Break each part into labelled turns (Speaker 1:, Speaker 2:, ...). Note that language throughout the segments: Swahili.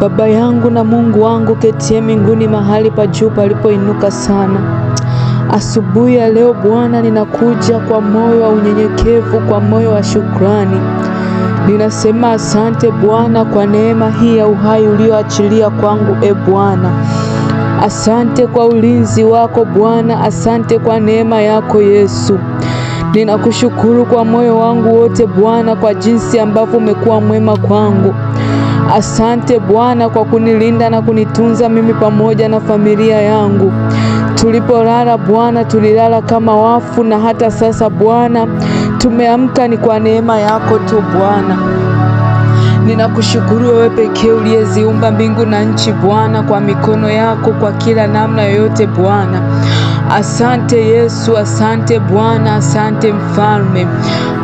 Speaker 1: Baba yangu na Mungu wangu ketie mbinguni mahali pa juu palipoinuka sana. Asubuhi ya leo Bwana, ninakuja kwa moyo wa unyenyekevu, kwa moyo wa shukrani. Ninasema asante Bwana kwa neema hii ya uhai ulioachilia kwangu, e Bwana. Asante kwa ulinzi wako Bwana, asante kwa neema yako Yesu. Ninakushukuru kwa moyo wangu wote Bwana, kwa jinsi ambavyo umekuwa mwema kwangu. Asante Bwana kwa kunilinda na kunitunza mimi pamoja na familia yangu. Tulipolala Bwana, tulilala kama wafu, na hata sasa Bwana tumeamka ni kwa neema yako tu Bwana. Ninakushukuru wewe pekee uliyeziumba mbingu na nchi Bwana, kwa mikono yako, kwa kila namna yoyote Bwana. Asante Yesu, asante Bwana, asante Mfalme,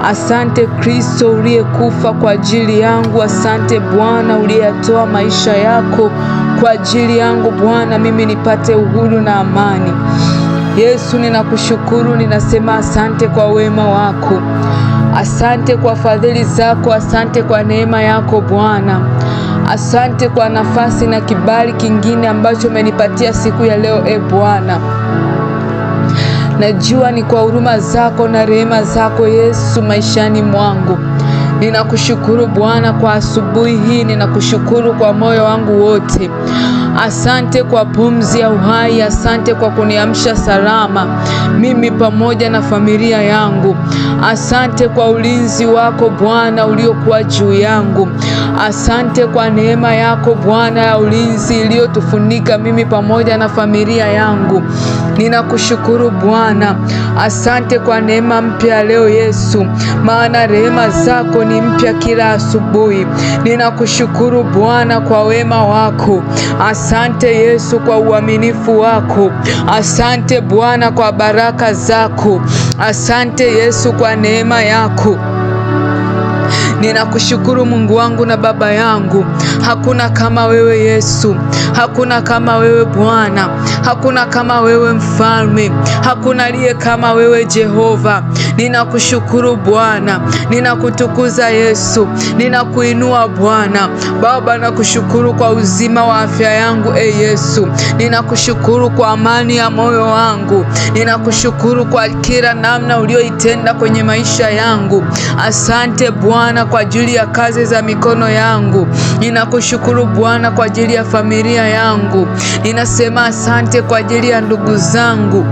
Speaker 1: asante Kristo uliyekufa kwa ajili yangu, asante Bwana uliyetoa maisha yako kwa ajili yangu Bwana, mimi nipate uhuru na amani. Yesu, ninakushukuru, ninasema asante kwa wema wako, asante kwa fadhili zako, asante kwa neema yako Bwana. Asante kwa nafasi na kibali kingine ambacho umenipatia siku ya leo, e Bwana. Najua ni kwa huruma zako na rehema zako Yesu maishani mwangu. Ninakushukuru Bwana kwa asubuhi hii, ninakushukuru kwa moyo wangu wote. Asante kwa pumzi ya uhai, asante kwa kuniamsha salama mimi pamoja na familia yangu. Asante kwa ulinzi wako Bwana uliokuwa juu yangu. Asante kwa neema yako Bwana ya ulinzi iliyotufunika mimi pamoja na familia yangu. Ninakushukuru Bwana, asante kwa neema mpya leo Yesu, maana rehema zako ni mpya kila asubuhi. Ninakushukuru Bwana kwa wema wako, asante Yesu kwa uaminifu wako, asante Bwana kwa baraka zako, asante Yesu kwa neema yako. Ninakushukuru Mungu wangu na Baba yangu, hakuna kama wewe Yesu, hakuna kama wewe Bwana, hakuna kama wewe Mfalme, hakuna aliye kama wewe Jehova. Ninakushukuru Bwana, ninakutukuza Yesu, ninakuinua Bwana. Baba, nakushukuru kwa uzima wa afya yangu, e Yesu, ninakushukuru kwa amani ya moyo wangu, ninakushukuru kwa kila namna ulioitenda kwenye maisha yangu. Asante Bwana kwa ajili ya kazi za mikono yangu. Ninakushukuru Bwana kwa ajili ya familia yangu. Ninasema asante kwa ajili ya ndugu zangu.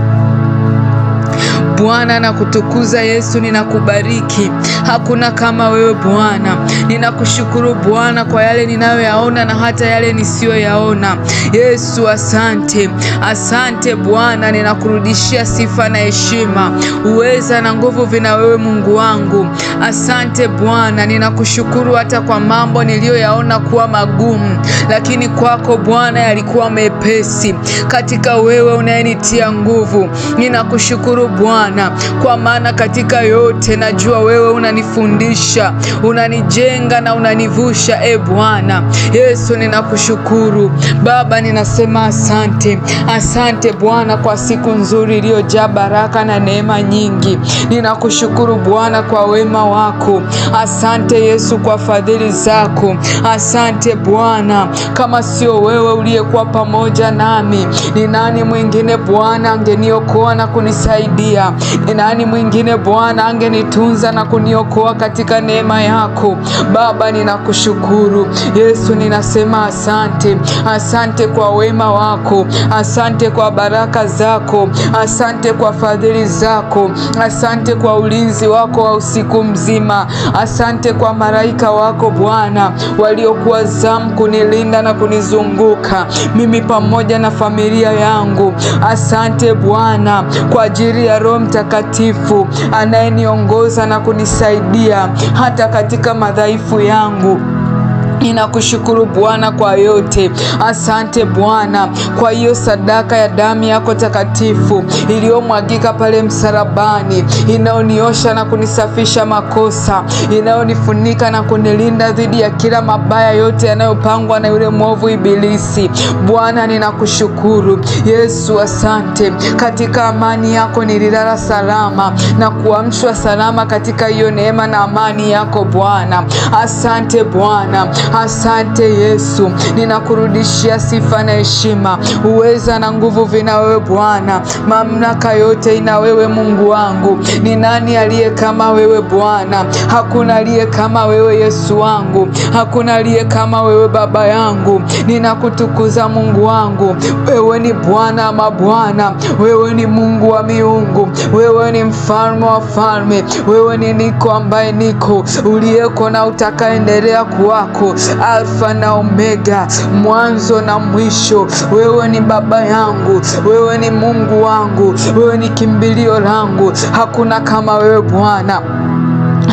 Speaker 1: Bwana nakutukuza Yesu, ninakubariki. Hakuna kama wewe Bwana. Ninakushukuru Bwana kwa yale ninayoyaona na hata yale nisiyoyaona. Yesu asante, asante Bwana, ninakurudishia sifa na heshima. Uweza na nguvu vina wewe, Mungu wangu. Asante Bwana, ninakushukuru hata kwa mambo niliyoyaona kuwa magumu, lakini kwako Bwana yalikuwa mepesi. Katika wewe unayenitia nguvu, ninakushukuru Bwana, kwa maana katika yote najua wewe unanifundisha, unanijenga na unanivusha. E Bwana Yesu, ninakushukuru Baba, ninasema asante, asante Bwana kwa siku nzuri iliyojaa baraka na neema nyingi. Ninakushukuru Bwana kwa wema wako. Asante Yesu kwa fadhili zako, asante Bwana. Kama sio wewe uliyekuwa pamoja nami, ni nani mwingine Bwana angeniokoa na kunisaidia? Ni nani mwingine Bwana angenitunza na kuniokoa katika neema yako? Baba, ninakushukuru Yesu, ninasema asante, asante kwa wema wako, asante kwa baraka zako, asante kwa fadhili zako, asante kwa ulinzi wako wa usiku mzima mzima. Asante kwa malaika wako Bwana waliokuwa zamu kunilinda na kunizunguka mimi pamoja na familia yangu. Asante Bwana kwa ajili ya Roho Mtakatifu anayeniongoza na kunisaidia hata katika madhaifu yangu. Ninakushukuru Bwana kwa yote, asante Bwana kwa hiyo sadaka ya damu yako takatifu iliyomwagika pale msalabani, inayoniosha na kunisafisha makosa, inayonifunika na kunilinda dhidi ya kila mabaya yote yanayopangwa na yule mwovu Ibilisi. Bwana ninakushukuru Yesu, asante. Katika amani yako nililala salama na kuamshwa salama, katika hiyo neema na amani yako Bwana, asante Bwana. Asante Yesu, ninakurudishia sifa na heshima. Uweza na nguvu vina wewe Bwana, mamlaka yote ina wewe Mungu wangu. Ni nani aliye kama wewe Bwana? Hakuna aliye kama wewe Yesu wangu, hakuna aliye kama wewe Baba yangu. Ninakutukuza Mungu wangu, wewe ni Bwana wa mabwana, wewe ni Mungu wa miungu, wewe ni mfalme wa falme, wewe ni niko ambaye niko, uliyeko na utakaendelea kuwako Alfa na Omega, mwanzo na mwisho. Wewe ni baba yangu, wewe ni Mungu wangu, wewe ni kimbilio langu. Hakuna kama wewe Bwana.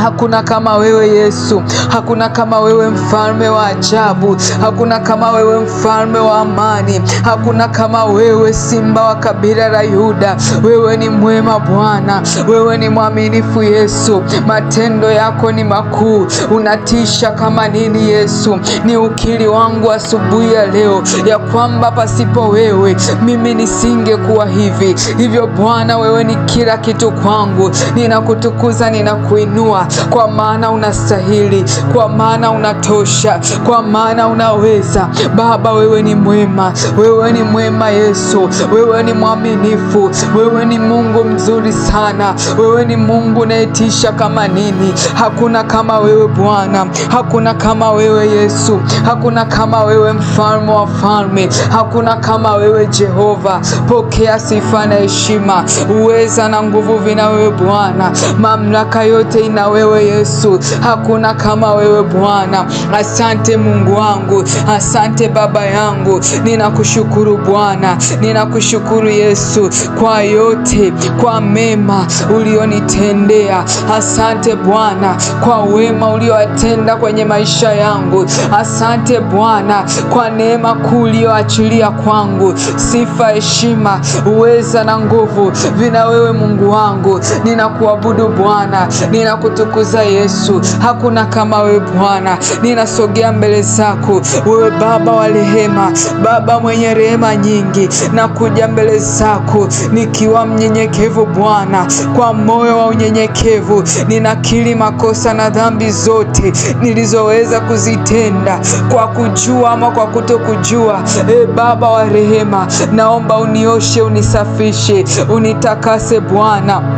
Speaker 1: Hakuna kama wewe Yesu, hakuna kama wewe mfalme wa ajabu, hakuna kama wewe mfalme wa amani, hakuna kama wewe simba wa kabila la Yuda. Wewe ni mwema Bwana, wewe ni mwaminifu Yesu, matendo yako ni makuu, unatisha kama nini Yesu. Ni ukili wangu asubuhi ya leo ya kwamba pasipo wewe mimi nisingekuwa hivi. Hivyo Bwana, wewe ni kila kitu kwangu, ninakutukuza, ninakuinua kwa maana unastahili, kwa maana unatosha, kwa maana unaweza. Baba, wewe ni mwema, wewe ni mwema Yesu, wewe ni mwaminifu, wewe ni Mungu mzuri sana, wewe ni Mungu unayetisha kama nini. Hakuna kama wewe Bwana, hakuna kama wewe Yesu, hakuna kama wewe mfalme wa falme, hakuna kama wewe Jehova. Pokea sifa na heshima, uweza na nguvu vina wewe Bwana, mamlaka yote inawe wewe Yesu, hakuna kama wewe Bwana. Asante Mungu wangu, asante Baba yangu, ninakushukuru Bwana, ninakushukuru Yesu kwa yote, kwa mema ulionitendea. Asante Bwana kwa wema uliowatenda kwenye maisha yangu. Asante Bwana kwa neema kuu ulioachilia kwangu. Sifa, heshima, uweza na nguvu vina wewe Mungu wangu. Ninakuabudu Bwana, ninakutu za Yesu, hakuna kama wewe Bwana. Ninasogea mbele zako wewe Baba wa rehema, Baba mwenye rehema nyingi, nakuja mbele zako nikiwa mnyenyekevu Bwana, kwa moyo wa unyenyekevu ninakiri makosa na dhambi zote nilizoweza kuzitenda kwa kujua ama kwa kutokujua. E Baba wa rehema, naomba unioshe, unisafishe, unitakase Bwana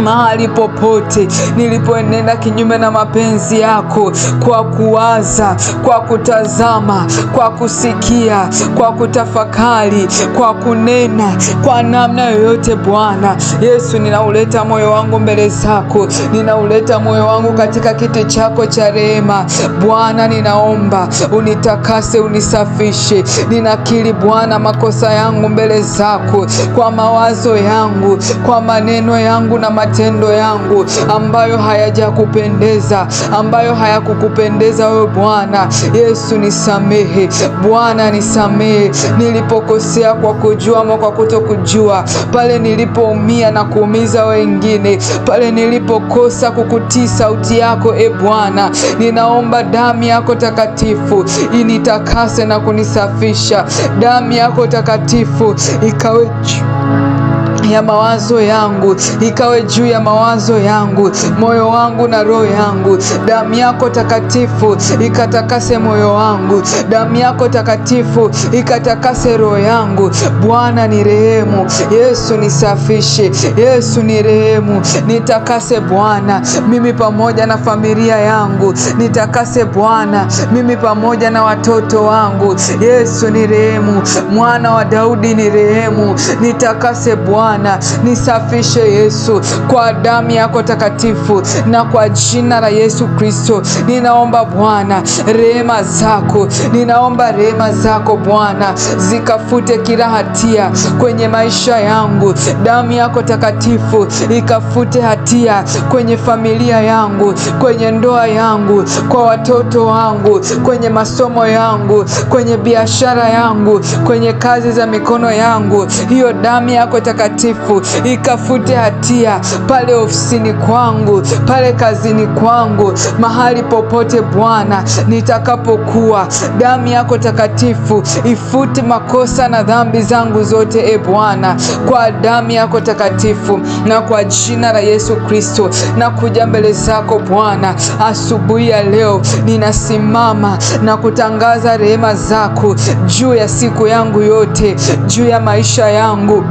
Speaker 1: mahali popote nilipoenenda kinyume na mapenzi yako, kwa kuwaza, kwa kutazama, kwa kusikia, kwa kutafakari, kwa kunena, kwa namna yoyote. Bwana Yesu, ninauleta moyo wangu mbele zako, ninauleta moyo wangu katika kiti chako cha rehema. Bwana, ninaomba unitakase, unisafishe. Ninakiri Bwana makosa yangu mbele zako, kwa mawazo yangu, kwa maneno yangu na matendo yangu ambayo hayajakupendeza, ambayo hayakukupendeza wewe Bwana Yesu. Nisamehe Bwana, nisamehe nilipokosea kwa kujua ama kwa kutokujua, pale nilipoumia na kuumiza wengine, pale nilipokosa kukutii sauti yako, e Bwana, ninaomba damu yako takatifu initakase na kunisafisha. Damu yako takatifu ikawe ya mm. mawazo yangu, ikawe juu ya mawazo yangu, moyo wangu na roho yangu. Damu yako takatifu ikatakase moyo wangu, damu yako takatifu ikatakase roho yangu. Bwana ni rehemu, Yesu nisafishe, Yesu ni rehemu, nitakase Bwana mimi pamoja na familia yangu, nitakase Bwana mimi pamoja na watoto wangu. Yesu ni rehemu, mwana wa Daudi ni rehemu, nitakase Bwana Bwana, nisafishe Yesu kwa damu yako takatifu na kwa jina la Yesu Kristo. Ninaomba Bwana rehema zako, ninaomba rehema zako Bwana zikafute kila hatia kwenye maisha yangu. Damu yako takatifu ikafute hatia kwenye familia yangu, kwenye ndoa yangu, kwa watoto wangu, kwenye masomo yangu, kwenye biashara yangu, kwenye kazi za mikono yangu. Hiyo damu yako takatifu Mtakatifu ikafute hatia pale ofisini kwangu, pale kazini kwangu, mahali popote Bwana nitakapokuwa. Damu yako takatifu ifute makosa na dhambi zangu zote, e Bwana, kwa damu yako takatifu na kwa jina la Yesu Kristo. Na kuja mbele zako Bwana asubuhi ya leo, ninasimama na kutangaza rehema zako juu ya siku yangu yote, juu ya maisha yangu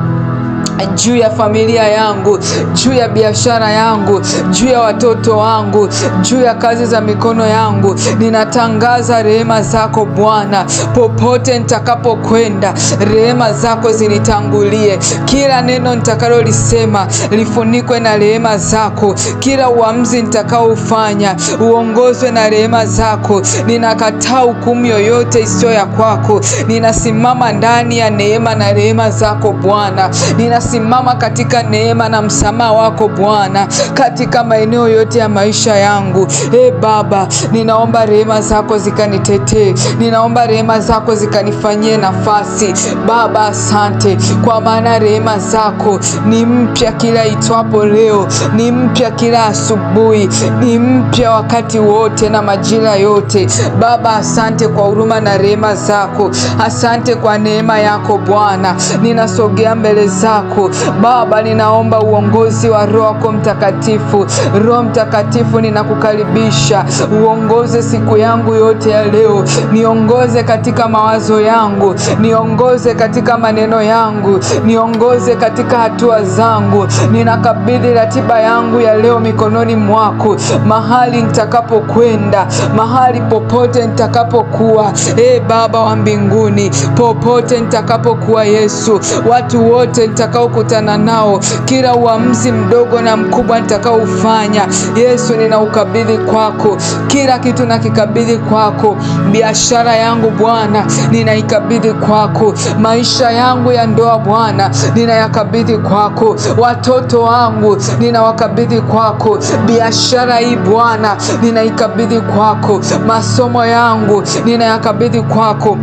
Speaker 1: juu ya familia yangu, juu ya biashara yangu, juu ya watoto wangu, juu ya kazi za mikono yangu. Ninatangaza rehema zako Bwana, popote nitakapokwenda, rehema zako zinitangulie. Kila neno nitakalolisema lifunikwe na rehema zako, kila uamuzi nitakaoufanya uongozwe na rehema zako. Ninakataa hukumu yoyote isiyo ya kwako, ninasimama ndani ya neema na rehema zako Bwana. ninas nimesimama katika neema na msamaha wako Bwana, katika maeneo yote ya maisha yangu. E Baba, ninaomba rehema zako zikanitetee, ninaomba rehema zako zikanifanyie nafasi. Baba, asante kwa maana rehema zako ni mpya kila itwapo leo, ni mpya kila asubuhi, ni mpya wakati wote na majira yote. Baba, asante kwa huruma na rehema zako, asante kwa neema yako Bwana, ninasogea mbele zako wako Baba, ninaomba uongozi wa Roho Mtakatifu. Roho Mtakatifu, ninakukaribisha uongoze siku yangu yote ya leo, niongoze katika mawazo yangu, niongoze katika maneno yangu, niongoze katika hatua zangu. Ninakabidhi ratiba yangu ya leo mikononi mwako, mahali nitakapokwenda, mahali popote nitakapokuwa, e Baba wa mbinguni, popote nitakapokuwa Yesu, watu wote nitakao nitakaokutana nao, kila uamuzi mdogo na mkubwa nitakaofanya, Yesu ninaukabidhi kwako, kila kitu nakikabidhi kwako. Biashara yangu Bwana ninaikabidhi kwako, maisha yangu ya ndoa Bwana ninayakabidhi kwako, watoto wangu ninawakabidhi kwako, biashara hii Bwana ninaikabidhi kwako, masomo yangu ninayakabidhi kwako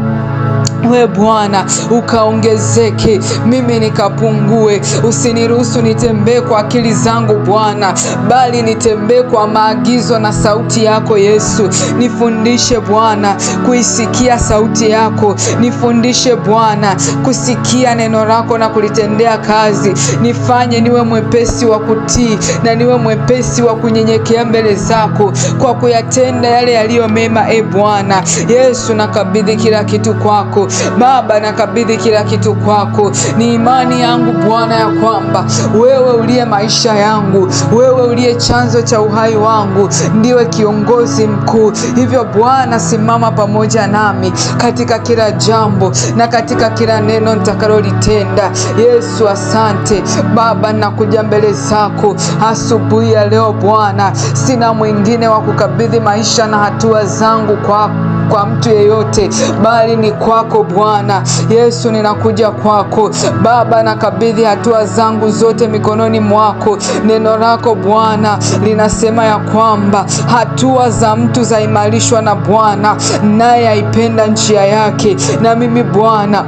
Speaker 1: we Bwana ukaongezeke, mimi nikapungue. Usiniruhusu nitembee kwa akili zangu Bwana, bali nitembee kwa maagizo na sauti yako Yesu. Nifundishe Bwana kuisikia sauti yako, nifundishe Bwana kusikia neno lako na kulitendea kazi. Nifanye niwe mwepesi wa kutii na niwe mwepesi wa kunyenyekea mbele zako kwa kuyatenda yale yaliyo mema. E Bwana Yesu, nakabidhi kila kitu kwako Baba, nakabidhi kila kitu kwako. Ni imani yangu Bwana ya kwamba wewe uliye maisha yangu, wewe uliye chanzo cha uhai wangu, ndiwe kiongozi mkuu. Hivyo Bwana, simama pamoja nami katika kila jambo na katika kila neno nitakalolitenda. Yesu, asante Baba, nakuja mbele zako asubuhi ya leo Bwana, sina mwingine wa kukabidhi maisha na hatua zangu kwako kwa mtu yeyote, bali ni kwako Bwana Yesu. Ninakuja kwako Baba, nakabidhi hatua zangu zote mikononi mwako. Neno lako Bwana linasema ya kwamba hatua za mtu zaimarishwa na Bwana, naye aipenda njia yake, na mimi Bwana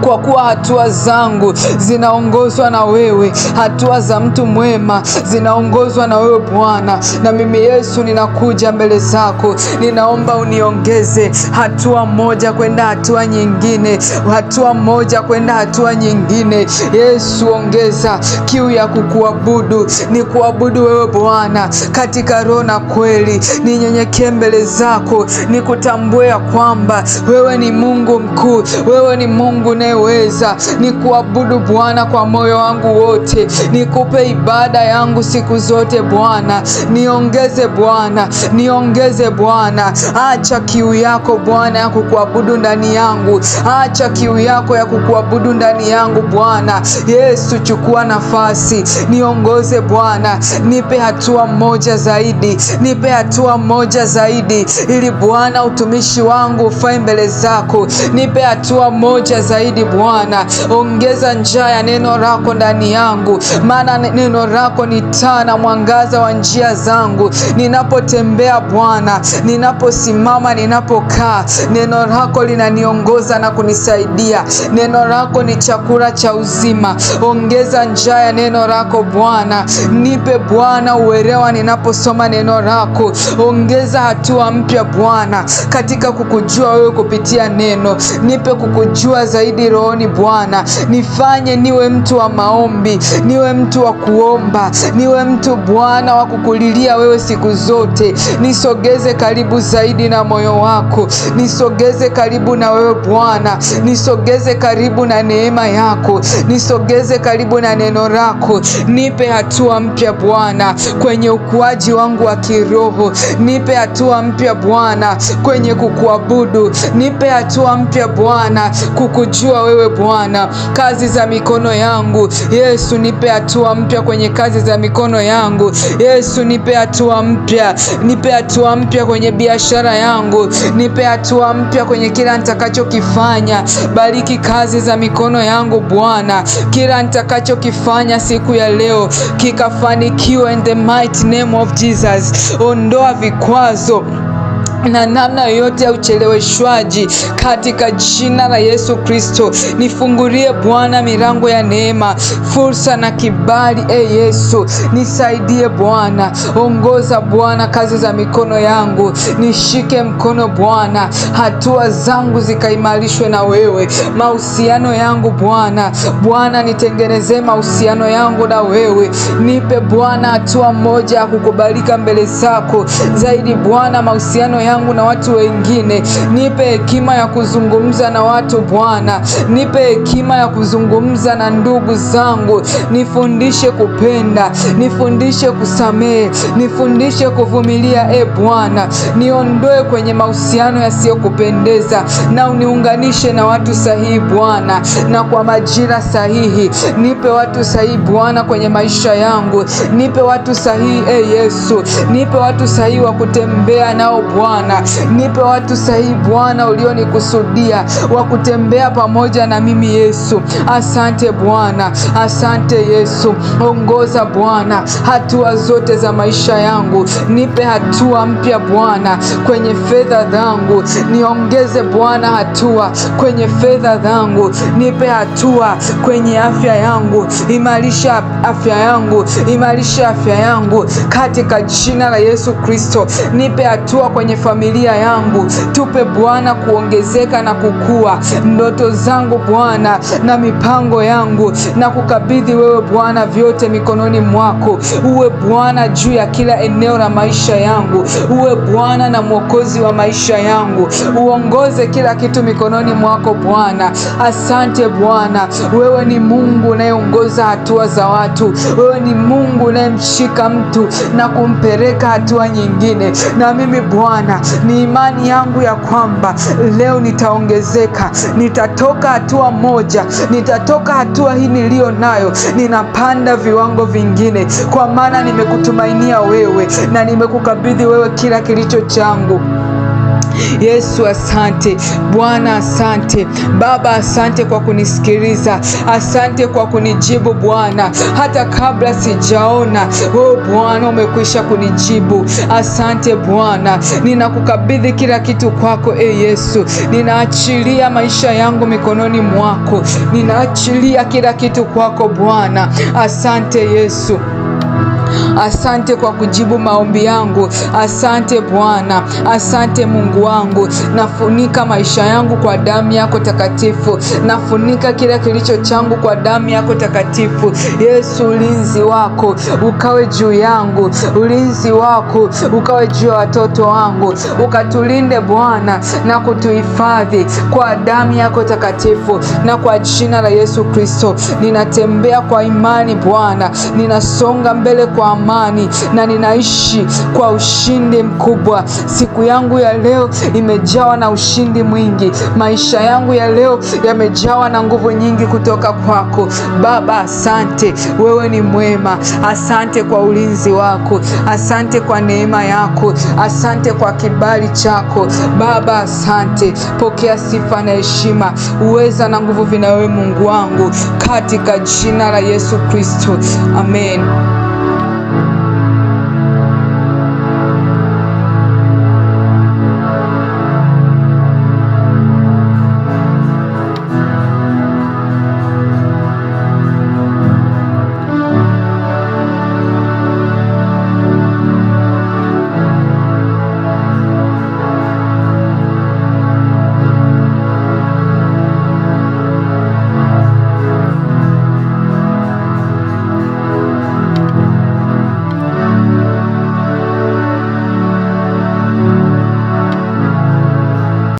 Speaker 1: kwa kuwa hatua zangu zinaongozwa na wewe. Hatua za mtu mwema zinaongozwa na wewe Bwana, na mimi Yesu ninakuja mbele zako, ninaomba uniongeze hatua moja kwenda hatua nyingine, hatua moja kwenda hatua nyingine. Yesu, ongeza kiu ya kukuabudu, ni kuabudu wewe Bwana katika roho na kweli, ninyenyekee mbele zako, nikutambue ya kwamba wewe ni Mungu mkuu, wewe ni Mungu unayeweza. Nikuabudu Bwana kwa moyo wangu wote, nikupe ibada yangu siku zote Bwana, niongeze Bwana, niongeze Bwana. Acha kiu yako Bwana ya kukuabudu ndani yangu, acha kiu yako ya kukuabudu ndani yangu Bwana Yesu, chukua nafasi, niongoze Bwana, nipe hatua moja zaidi, nipe hatua moja zaidi, ili Bwana utumishi wangu ufae mbele zako, nipe hatua moja zaidi zaidi Bwana ongeza njaa ya neno lako ndani yangu, maana neno lako ni taa na mwangaza wa njia zangu. Ninapotembea Bwana, ninaposimama, ninapokaa, neno lako linaniongoza na kunisaidia. Neno lako ni chakula cha uzima. Ongeza njaa ya neno lako Bwana, nipe Bwana uelewa ninaposoma neno lako. Ongeza hatua mpya Bwana katika kukujua wewe kupitia neno, nipe kukujua zaidi unisaidie rohoni Bwana, nifanye niwe mtu wa maombi, niwe mtu wa kuomba, niwe mtu Bwana wa kukulilia wewe siku zote. Nisogeze karibu zaidi na moyo wako, nisogeze karibu na wewe Bwana, nisogeze karibu na neema yako, nisogeze karibu na neno lako. Nipe hatua mpya Bwana kwenye ukuaji wangu wa kiroho, nipe hatua mpya Bwana kwenye kukuabudu, nipe hatua mpya Bwana kukuj Najua wewe Bwana kazi za mikono yangu. Yesu, nipe hatua mpya kwenye kazi za mikono yangu. Yesu, nipe hatua mpya, nipe hatua mpya kwenye biashara yangu, nipe hatua mpya kwenye kila nitakachokifanya. Bariki kazi za mikono yangu Bwana, kila nitakachokifanya siku ya leo kikafanikiwa in the mighty name of Jesus. Ondoa vikwazo na namna yoyote ya ucheleweshwaji katika jina la Yesu Kristo. Nifungulie Bwana milango ya neema, fursa na kibali. E Yesu, nisaidie Bwana, ongoza Bwana kazi za mikono yangu, nishike mkono Bwana, hatua zangu zikaimarishwe na wewe, mahusiano yangu Bwana. Bwana, nitengenezee mahusiano yangu na wewe, nipe Bwana hatua moja ya kukubalika mbele zako zaidi Bwana, mahusiano yangu na watu wengine. Nipe hekima ya kuzungumza na watu Bwana, nipe hekima ya kuzungumza na ndugu zangu. Nifundishe kupenda, nifundishe kusamehe, nifundishe kuvumilia. E Bwana, niondoe kwenye mahusiano yasiyokupendeza na uniunganishe na watu sahihi Bwana, na kwa majira sahihi. Nipe watu sahihi Bwana kwenye maisha yangu, nipe watu sahihi e Yesu, nipe watu sahihi wa kutembea nao Bwana. Bwana. Nipe watu sahihi Bwana ulionikusudia wa kutembea pamoja na mimi Yesu. Asante Bwana, asante Yesu. Ongoza Bwana hatua zote za maisha yangu, nipe hatua mpya Bwana kwenye fedha zangu, niongeze Bwana hatua kwenye fedha zangu, nipe hatua kwenye afya yangu, imarisha afya yangu, imarisha afya yangu katika jina la Yesu Kristo, nipe hatua kwenye familia yangu. Tupe Bwana kuongezeka na kukua ndoto zangu Bwana na mipango yangu, na kukabidhi wewe Bwana vyote mikononi mwako. Uwe Bwana juu ya kila eneo la maisha yangu, uwe Bwana na mwokozi wa maisha yangu, uongoze kila kitu mikononi mwako Bwana. Asante Bwana, wewe ni Mungu unayeongoza hatua za watu, wewe ni Mungu unayemshika mtu na kumpeleka hatua nyingine. Na mimi Bwana ni imani yangu ya kwamba leo nitaongezeka, nitatoka hatua moja, nitatoka hatua hii niliyo nayo, ninapanda viwango vingine, kwa maana nimekutumainia wewe na nimekukabidhi wewe kila kilicho changu. Yesu asante, Bwana asante, Baba asante kwa kunisikiliza, asante kwa kunijibu Bwana, hata kabla sijaona. Oh Bwana, umekwisha kunijibu. Asante Bwana, ninakukabidhi kila kitu kwako. E Yesu, ninaachilia maisha yangu mikononi mwako, ninaachilia kila kitu kwako Bwana. Asante Yesu. Asante kwa kujibu maombi yangu, asante Bwana, asante Mungu wangu. Nafunika maisha yangu kwa damu yako takatifu, nafunika kila kilicho changu kwa damu yako takatifu. Yesu, ulinzi wako ukawe juu yangu, ulinzi wako ukawe juu ya watoto wangu, ukatulinde Bwana na kutuhifadhi kwa damu yako takatifu, na kwa jina la Yesu Kristo ninatembea kwa imani Bwana, ninasonga mbele kwa amani na ninaishi kwa ushindi mkubwa. Siku yangu ya leo imejawa na ushindi mwingi. Maisha yangu ya leo yamejawa na nguvu nyingi kutoka kwako Baba. Asante, wewe ni mwema. Asante kwa ulinzi wako, asante kwa neema yako, asante kwa kibali chako Baba. Asante, pokea sifa na heshima, uweza na nguvu vinawe Mungu wangu, katika jina la Yesu Kristo, amen.